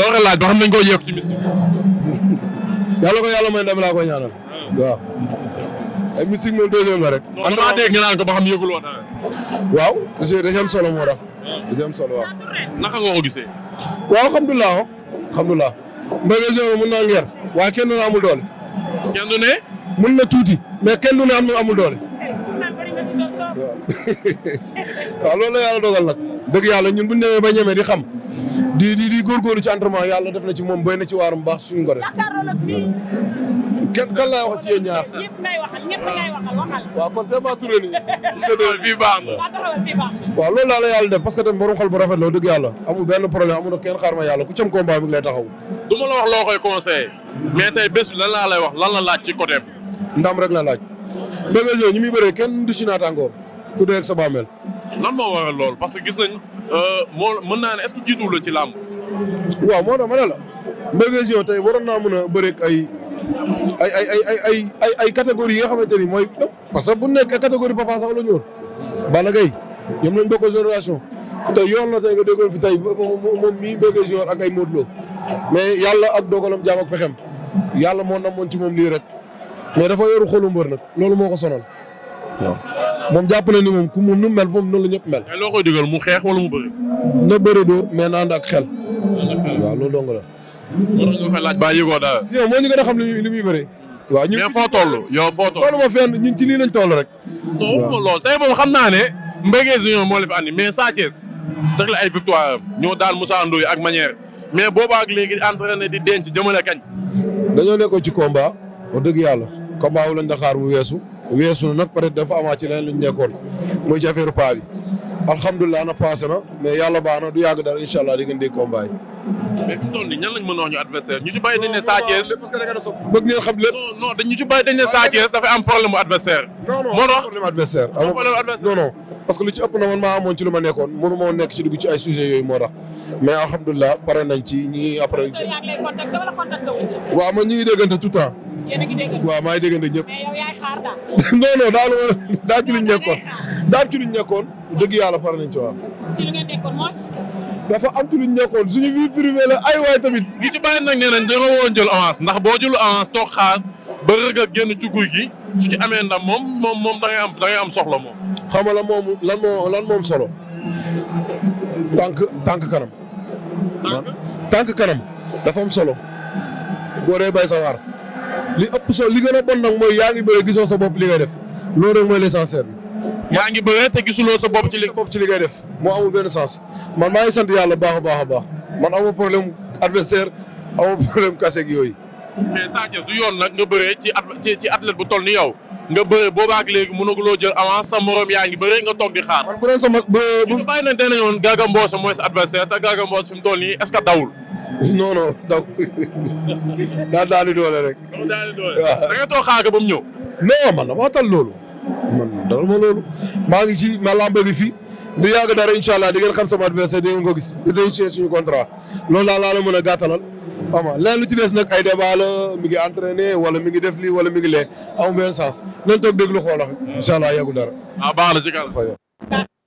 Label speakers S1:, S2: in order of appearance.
S1: loolu la laaj ba xam nañ koo yëg ci bis. yàlla ko yàlla may ndam laa koy ñaanal. waaw. ay musique moom deuxième la rek. man maa dégg ñu waaw moo tax. solo waaw. naka nga ko gisee. waaw alhamdulilah waaw. alhamdulilah. kenn du ne amul doole. ne. mun na tuuti. mais kenn du ne am amul doole. waaw. yàlla dogal ñun bu ñu ba ñeme di xam. di di di góorgóorlu ci entraînement yàlla def na ci moom béy na ci waaram baax suñu ngore. kenn kan wax ci yéen ñaar. ñëpp ngay waxal ñëpp ngay waxal waxal. waaw kon Téma Touré nii. séddale baax na. waaw loolu daal yàlla def parce que tamit borom xol bu rafet la dëgg yàlla amul benn problème amul kenn xaar ma yàlla ku cam combat mi ngi lay taxaw.
S2: du ma la wax loo koy conseillé. mais tey bés bi lan laa lay wax lan la laaj ci côté
S1: ndaam rek la laaj. Bébé Diop ñu muy bëree kenn du ci naataangoor ku dee ak
S2: lan moo waral lool parce que gis nañ euh, moo mën naa ne est-ce que jiituwul la ci làmb.
S1: waaw moo tax ma ne la tey waroon naa mën a bëreeg ay ay ay ay ay ay ay catégorie yi nga xamante ni mooy parce que bu nekk catégorie papa a la ñu woon. Balla Gaye ñoom lañ bokk génération te yoon na tey nga déggoon fi tey moom mii Mbaye Gueye ak ay Modou Lo mais yàlla ak dogalam jaam ak pexem yàlla moo namoon ci moom lii rek mais dafa yoru xolu mbër nag loolu moo ko sonal. waa moom jàpp na ni moom ku moom nu mel moom la ñëpp mel. mu xeex wala mu bëri. na bëri dóor mais xel. waaw loolu dong la. war nga koy daal. moo ñu gën a xam li li muy bëri. waaw ñu mais foo
S2: toll yow foo
S1: toll. ci lii lañ rek.
S2: waaw non moom xam naa ne. Mbengue Junior moo la fi andi mais Sa Thiès ay victoire am ñoo daal Moussa Ndoye ak manière mais boobaa ak léegi entraîné di denc jëmale kañ.
S1: dañoo nekkoon ci combat wax dëgg yàlla combat wu lañ da mu weesu weesu na nag peut être dafa amaat ci leneen lu ñu nekkoon muy jafeeru paa bi alhamdulilah na passé na mais yàlla baax na du yàgg dara incha allah di ngeen dégg combat yi.
S2: mais fi mu toll nii a wax ñu adversaire ñu ci bàyyi dañ ne Sa Thiès bëgg moo tax problème
S1: parce que lu ci ëpp na man maa amoon ci lu ma nekkoon mënu moo nekk ci dugg ci ay sujets yooyu moo tax mais alhamdulilah pare nañ ci ñi après. waaw man ñi ngi déggante tout temps waaw maa ngi déggante ñëpp. non non daal daal ci luñ nekkoon. daal ci luñ nekkoon. dëgg yàlla pare nañ ci waaw. ci li nga nekkoon dafa am ci luñ nekkoon suñu vie privée ay
S2: waay tamit. gi ci bàyyi nag nee nañ dañoo woon jël avance ndax boo jëlu avance toog xaar ba rëgg a génn guy gi. su ci amee ndam moom moom moom da am da am soxla moom.
S1: xam nga lan moom lan moo lan moom solo. tànk tànk kanam. tànk kanam dafa am solo. boo dee bay sa li ëpp soo li gën a bon nag mooy yaa ngi bëre gisoo sa bopp li ngay def loolu rek mooy l'essentiel bi. yaa ngi bëre te gisuloo sa bopp ci li bopp ci li ngay def moo amul benn sens man maa ngi sant yàlla baax a baax a baax man amul problème adversaire amul problème kase yooyu.
S2: mais Sa Thiès du yoon nag nga bëree ci ci athlète bu tol ni yow nga bëree boobaak léegi loo jël avance sa morom yaa ngi bëree nga toog di xaar. man bu doon sama bu bu bàyyi nañ tey nañu woon Garga Mbossé mooy sa adversaire te Garga mu toll nii est que dawul.
S1: non non donc daal di doole rek. daal toog xaaga ba mu ñëw. non man damaa tal loolu. man dara ma loolu maa ngi ci ma lambe gi fii di yàgg dara incha allah di ngeen xam sama adversaire di ngeen ko gis te dañu signé suñu contrat loolu daal laa la mën a gàttalal xam lu ci des nag ay débat mi ngi entraîné wala mi ngi def lii wala mi ngi lee amul benn sens nañ toog déglu xoolal hmm. incha allah yàggu dara.
S2: Ah,